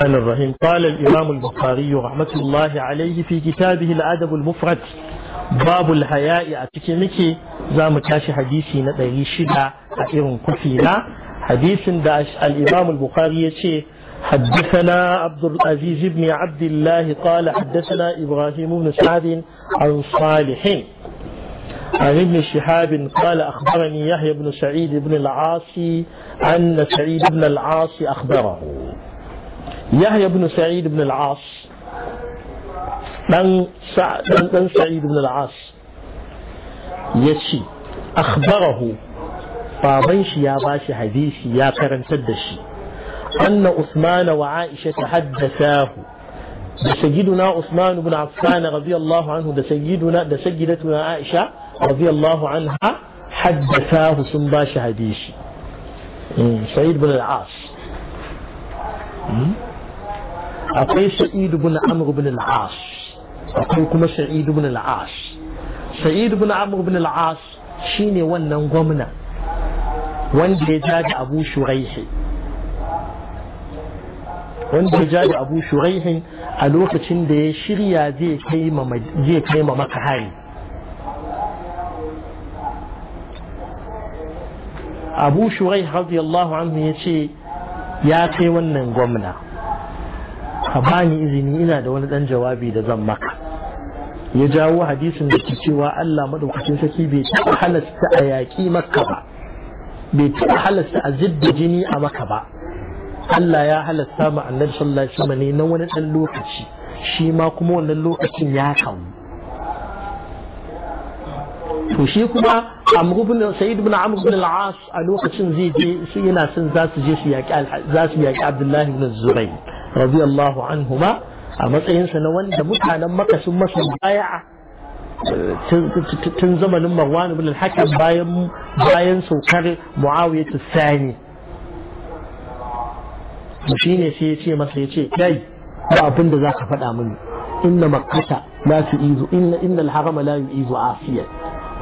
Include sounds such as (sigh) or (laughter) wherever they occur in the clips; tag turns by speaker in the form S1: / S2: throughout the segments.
S1: الرحمن الرحيم قال الإمام البخاري رحمة الله عليه في كتابه الأدب المفرد باب الحياء أتكمك زام تاشي حديثي ندري شدة أئر كفينا حديث داش الإمام البخاري يشي حدثنا عبد العزيز بن عبد الله قال حدثنا إبراهيم بن سعد عن صالح عن ابن شهاب قال أخبرني يحيى بن سعيد بن العاصي أن سعيد بن العاصي أخبره يحيى بن سعيد بن العاص بن سعيد بن العاص يشي أخبره فابيش يا باشي حديث يا كرم تدشي أن أثمان وعائشة تحدثاه سيدنا عثمان بن عفان رضي الله عنه سيدنا سيدتنا عائشة رضي الله عنها حدثاه ثم باش حديثي سعيد بن العاص akwai sa'id ibn amr ibn al-as akwai kuma sa'id ibn al-as sa'id ibn amr ibn al-as shine wannan gwamna wanda ya jaji abu shuraihi
S2: wanda ya jaji abu
S1: shuraihi a lokacin da ya shirya zai kai ma maka hari abu shuraihi radiyallahu anhu ya ce ya kai wannan gwamna ka bani izini ina da wani dan jawabi da zan maka ya jawo hadisin da ke cewa Allah madaukakin saki bai taɓa halasta a yaƙi maka ba bai taɓa halasta a zidda jini a maka ba Allah ya halasta ma annabi sallallahu alaihi wasallam ne na wani dan lokaci shi ma kuma wannan lokacin ya kawo
S2: to shi kuma
S1: Amr ibn Sa'id ibn Amr ibn al-As a lokacin zai je yana son za su je su yaƙi za su yaƙi Abdullahi ibn Zubayr radiyallahu anhuma a matsayinsa na wanda mutanen maka sun masa baya'a tun zamanin marwan ibn al-hakam bayan bayan saukar muawiya tsani shine sai ya ce masa ya ce kai ba abin da zaka faɗa mini inna makkata la tu'izu inna inna al-harama la yu'izu afiya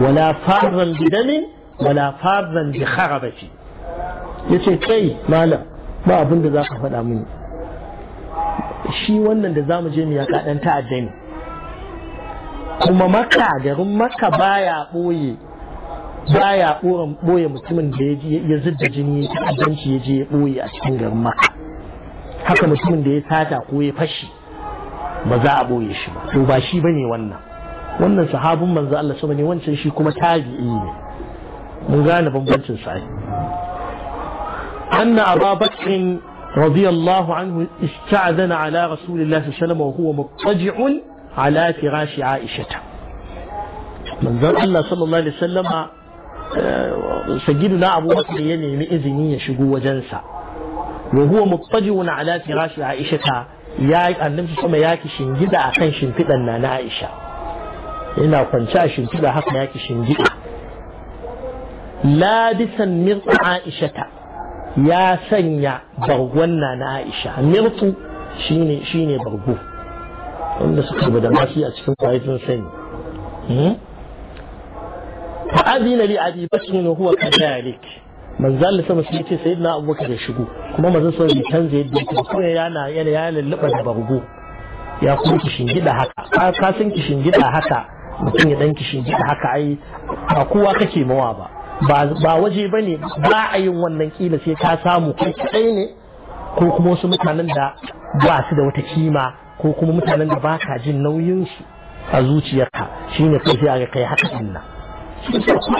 S1: wala farzan bidamin wala farzan bi kharabati yace kai malam ba abin da zaka faɗa mini shi wannan da za mu je mu yaka ɗan ta'adda ne
S2: kuma maka
S1: garin makka baya boye baya ɓoye mutumin da ya zidda jini ya ta'addanci ya je ya ɓoye a cikin garin maka, haka mutumin da ya sata ko ya fashi ba za a ɓoye shi ba to ba shi bane wannan wannan sahabin manzo Allah sama ne wancan shi kuma tabi'i ne mun gane bambancin sa'i anna ababakrin رضي الله عنه استعذن على رسول الله صلى الله عليه وسلم وهو مضطجع على فراش عائشة من ذن الله صلى الله عليه وسلم آه، سجلنا أبو بكر ينمي إذني يشقو وجنسا وهو مضطجع على فراش عائشة يا النبي صلى الله عليه وسلم ياكي أكن شنجدة أنا عائشة yana kwance a shimfiɗa haka yaki shingida عائشة ya sanya bargon na na Aisha mirtu shi shine bargo wanda suka bada mashi a cikin kwaifin sani فأذن لأبي بكر huwa كذلك من زال sama sai ce sai na abubakar ya shigo kuma mazan sai yi canza yadda yake kuma yana yana ya lallaba da bargo ya kuma kishin gida haka ka san kishin gida haka mutum ya dan kishin gida haka ai ba kowa kake mawa ba ba waje ba ne ba a yin wannan kila sai ka samu kai kaɗai ne ko kuma wasu mutanen da ba su da wata kima ko kuma mutanen da ba ka jin nauyinsu a zuciyarka shine kai sai a kai haka din nan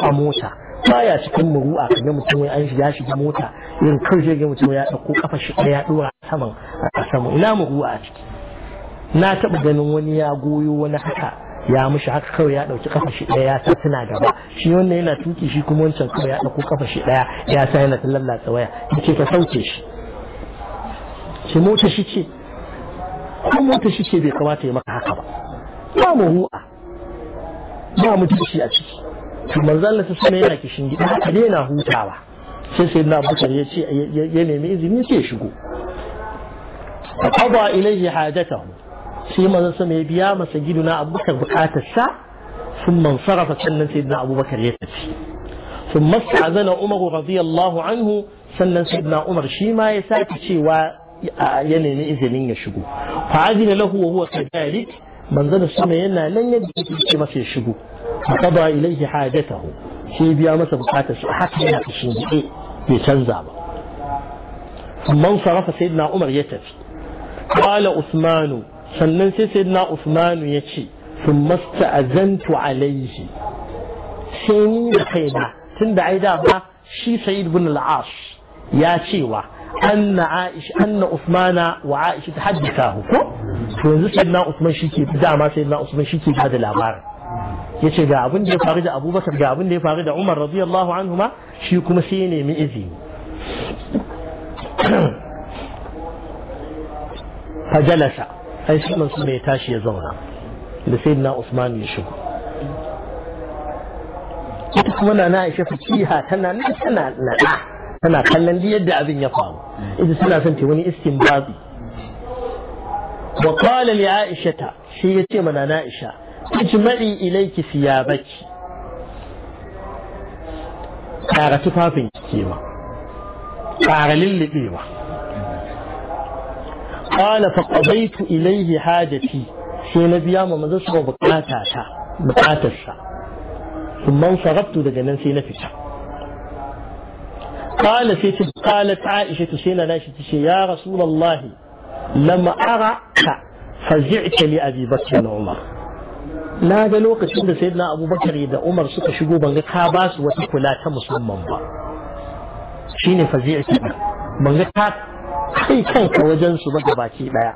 S1: a mota baya cikin muru'a kaga mutum ya an shiga shiga mota irin kai sai ga mutum ya dauko kafa shi ya dora saman a saman ina muru'a a ciki na taba ganin wani ya goyo wani haka ya mushi haka kawai ya ɗauki kafa shi ɗaya ya sa tana gaba shi wannan yana tuki shi kuma wancan kawai ya ɗauko kafa shi ɗaya ya sa yana ta lallatsa waya yace ka sauke shi shi mota shi ce ko mota shi ce bai kamata ya maka haka ba ba mu mahu'a ba mu mutunci a ciki to manzo Allah sai sama yana kishin gida haka ne yana hutawa sai sai na bukar ya ce ya nemi izini sai ya shigo fa qada ilayhi hajatahu sai manzon sama ya biya masa giduna abubakar bukatar sa sun mansarafa sannan sayyidina abubakar ya tafi sun masta'azana umar radiyallahu anhu sannan sayyidina umar shi ma ya sake cewa ya nemi izinin ya shigo fa azina lahu wa huwa kadhalik manzon sama yana nan yadda yake masa ya shigo qada ilayhi hajatahu shi biya masa bukatar su haka yana kashin dike bai canza ba amma sarafa sayyidina umar ya tafi qala usmanu sannan sai sayyidina usmanu ya ce thumma masta'azantu alayhi sai ni da kaina ai da ba shi Sayyid ibn al al'as ya cewa anna aisha anna usmana wa aisha ta haddisa ko to yanzu sayyidina usman da ma sayyidina usman ke ba da labarin yace ga abin da ya faru da Abu Bakar ga abin da ya faru da umar radiyallahu anhuma shi kuma sai ya nemi izini فجلس ai sai man ya tashi ya zauna da sai na Usman ya shigo ita kuma na na Aisha fakiha tana ne tana nada tana kallon da yadda abin ya faru idan suna son ta wani istinbabi wa qala li Aisha shi yace mana na Aisha ijma'i ilayki thiyabaki kara tufafin ki kewa kara قال فقضيت إليه حاجتي sai na biya ma manzon sama bukata ta bukatar sa kuma sarabtu daga nan sai na fita qala sai ta qalat aisha ta sai na nashi ta ce ya rasulullah lamma araka umar na ga lokacin da sayyidina abubakar da umar suka shigo ban ga ka ba su wata kula ta musamman ba shine fazi'ta ban ga ka
S2: kai kanka
S1: wajen su baka baki daya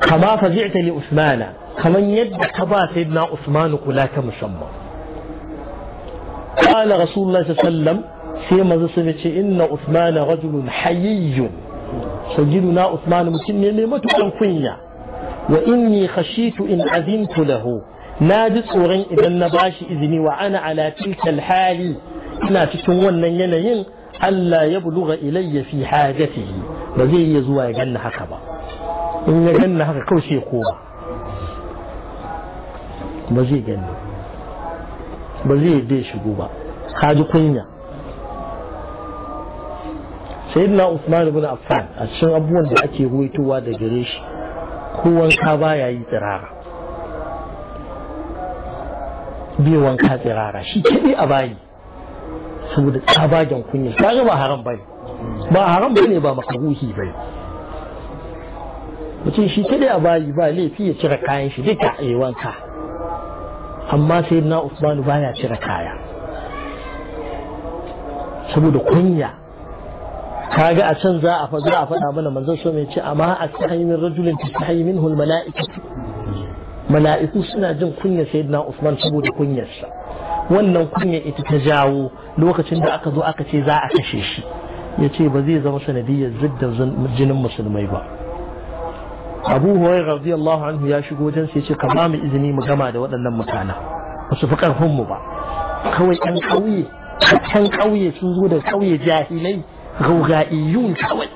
S1: kama fazi'ta li usmana kaman yadda ka ba sayyidina usman kula ta musamman qala rasulullahi sallallahu alaihi wasallam sai manzo sai ce inna usmana rajulun hayyun sayyiduna usman mutum ne mai matukan kunya wa inni khashitu in azintu lahu na ji tsoron idan na bashi izini wa ana ala tilka hali ina cikin wannan yanayin Allah ya buluga ilayya fi hajatihi ba zai iya zuwa ya ganna haka ba in ya ganna haka kawai sai ko ba zai ganna. ba zai dai shigo ba haji kunya sayyidina Usman ibn Affan a cikin abubuwan da ake ruwaitowa da gare shi ko wanka baya yi tsirara bai wanka tsirara shi kaɗai a bayi saboda tsabagen kunya kaga ba haram bane ba haram bane ba makaruhi bane mutum shi kadai a bayi ba laifi ya cire kayan shi duka a yi wanka amma sai na usmanu baya cire kaya saboda kunya kaga a can za a faɗa a faɗa mana manzon so mai ce amma a sahimin rajulin ta sahimin hul mala'iku suna jin kunya sayyidina usman saboda kunyarsa wannan kunya ita ta jawo lokacin da aka zo aka ce za a kashe shi ya ce ba zai zama sanadiyar zidda jinin musulmai ba abu huwai radiyallahu anhu ya shigo wajen sai ce kama mu izini mu gama da waɗannan mutanen ba su fi karfin mu ba kawai ɗan ƙauye can ƙauye sun zo da ƙauye jahilai rauga'iyyun kawai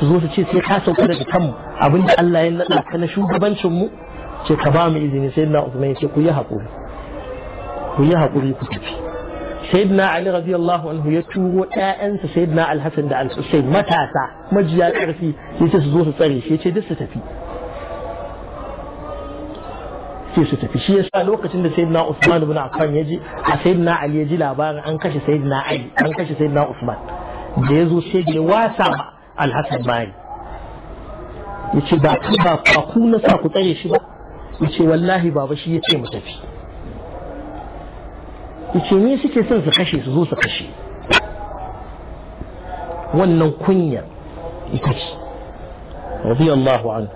S1: su zo su ce sai ka sauka daga kanmu abinda Allah ya naɗa ka na shugabancin mu ce ka ba mu izini sai na Usman ya ce ku yi haƙuri ku yi haƙuri ku tafi sayyidina ali radiyallahu anhu ya turo ƴaƴansa sayyidina al-hasan da al-husayn matasa majiya ƙarfi yace su zo su tsare shi yace duk su tafi sai su tafi shi yasa lokacin da sayyidina Usman ibn Affan ya ji a sayyidina Ali ya ji labarin an kashe sayyidina Ali an kashe sayyidina Usman da ya zo sai ya wasa ma Al-Hasan bani yace ba ba ku na sa ku tsare shi ba yace wallahi baba shi yace mu tafi yace me suke son su kashe su zo su kashe wannan kunya ita ce radiyallahu anhu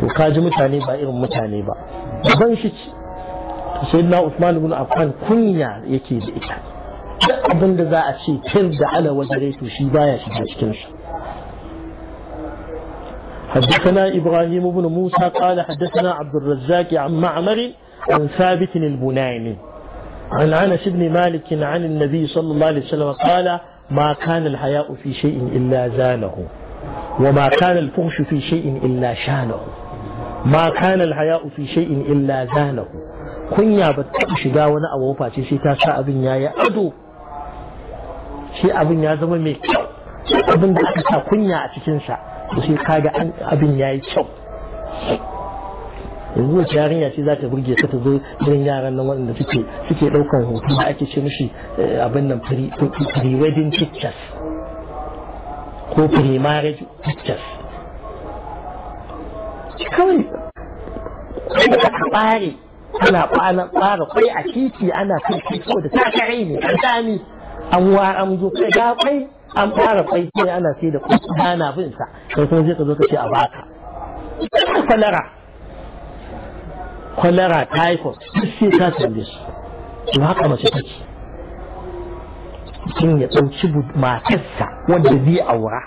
S1: to kaji mutane ba irin mutane ba ban shi ce to sayyidina Usman ibn Affan kunya yake da ita duk abin da za a ce tir da ala wajare to shi baya shiga cikin shi
S2: حدثنا
S1: إبراهيم بن موسى قال حدثنا عبد الرزاق عن معمر عن ثابت البناني عن انس بن مالك عن النبي صلى الله عليه وسلم قال ما كان الحياء في شيء الا زانه وما كان الفحش في شيء الا شانه ما كان الحياء في شيء الا زانه كنيا بتكو شيغا wani abu face shi ta sa abin yayi ado shi abin ya zama mai kyau abin da cikin sa shi kaga abin yayi kyau yanzu wace yarinya ce za ta burge ka ta zo irin yaran nan waɗanda suke suke ɗaukar hoto da ake ce mishi eh, abin nan pre-wedding pictures ko pre-marriage pictures kawai da aka ɓare ana ɓara kwai a titi ana kai titi da kare ne an sami an wa an zo kai ga kwai an fara kwai sai ana sai da kwai ana bin sa sai kuma zai ka zo ka ce a baka falara kwalara typhus duk sai ka same su to haka mace take kin ya ɗauki matarsa wadda zai aura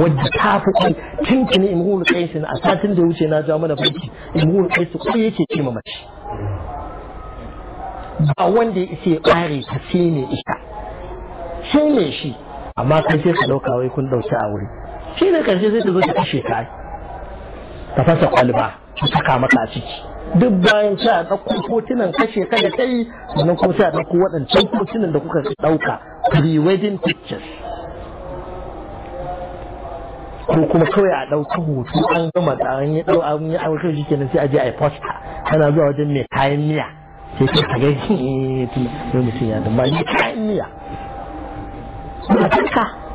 S1: wadda ta fi kai tuntuni imrul qais a satin da wuce na ja mana fanki imrul qais ko yake ce ma mace ba wanda ya isa ya ta sai ne ita sai ne shi amma kai sai ka ɗauka wai kun ɗauki a wuri shi ne ƙarshe sai ta zo ta kashe ka ta fasa kwalba ta saka maka a ciki duk bayan sai a ɗauko kotunan kashe ka da kai sannan kuma sai a ɗauko waɗancan kotunan da kuka ɗauka pre-wedding pictures ko kuma kawai a ɗauki hoto an gama da an yi ɗau an yi aure shi kenan sai a je a yi posta kana zuwa wajen mai kayan miya sai ka kaga (laughs) eh, tun mutum ya zama kayan miya. Ba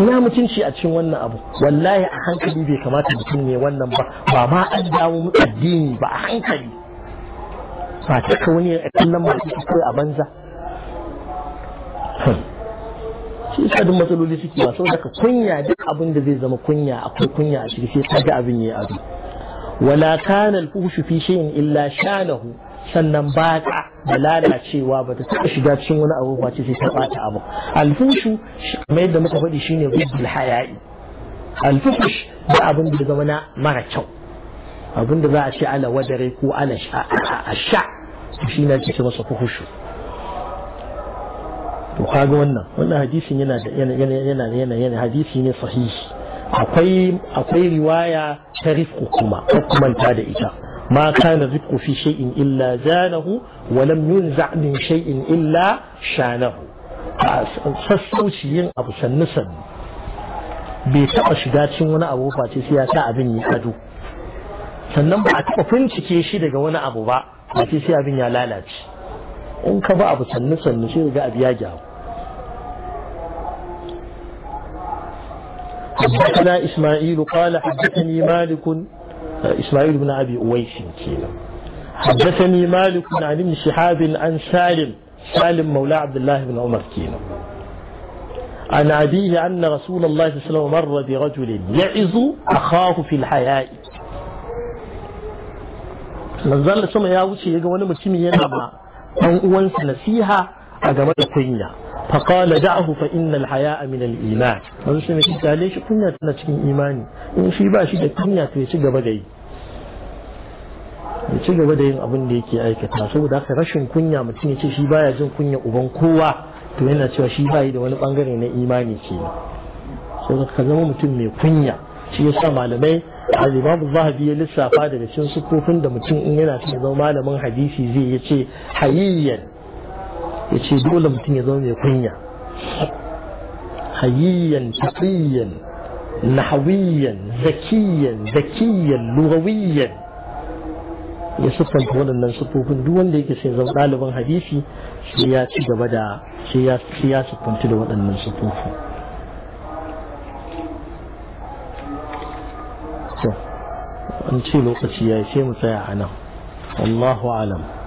S1: ina mutunci a cikin wannan abu wallahi a hankali bai kamata mutum ne wannan ba ba ma an dawo addini ba a hankali ba ta ka wani a kallon masu ko a banza hmm. shi duk matsaloli suke ba sau daga kunya duk abin da zai zama kunya akwai kunya a ciki sai ga abin ya abu wala kana al-fuhshu fi shay'in illa shanahu sannan ba da lalacewa ba ta taɓa shiga cikin wani abu ba ce sai ta ɓata abu alfushu kamar yadda muka faɗi shine gudul haya'i alfuhush da abin da zama na mara kyau abin da za a ce ala wadare ko ala sha shi na ce masa fuhushu to kaga wannan wannan hadisin yana da yana yana yana yana hadisi ne sahihi akwai akwai riwaya ta rifku kuma ko ta da ita ما كان الرفق في شيء إلا زانه ولم ينزع من شيء إلا شانه sassauciyin abu sannu sannu bai taɓa shiga cin wani abu face abin ya sannan ba a taɓa bincike shi daga wani abu ba face sai abin ya lalace in ka ba abu sannu sannu sai daga abu ya gyaru
S2: حدثنا
S1: إسماعيل قال حدثني مالك إسماعيل بن أبي أويس كينا حدثني مالك عن ابن شهاب عن سالم سالم مولى عبد الله بن عمر كينا عن أبيه أن رسول الله صلى الله عليه وسلم مر برجل يعظ أخاه في الحياء manzon sama ya wuce ya ga wani mutumi yana ma ɗan uwansa nasiha a game da kunya فقال دعه فإن الحياء من الإيمان من سمع قال شي كنيا tana cikin imani in shi ba da kunya to ya ci gaba da yi ya ci gaba da yin abin da yake aikata saboda haka rashin kunya mutum ya ce shi baya jin kunya uban kowa to yana cewa shi bayi da wani bangare na imani ke saboda ka zama mutum mai kunya shi yasa malamai al-imam zahabi ya lissafa daga cikin sukufin da mutum in yana cikin zama malamin hadisi zai ya ce hayyiyan yace dole mutum ya zama mai kunya hayyiyan taqiyan nahawiyan zakiyan zakiyan lugawiyan ya siffanta waɗannan siffofin duk wanda yake sai zama ɗaliban hadisi sai ya ci gaba da sai ya siffanta da waɗannan siffofin an ce lokaci ya yi sai mu tsaya a nan wallahu alam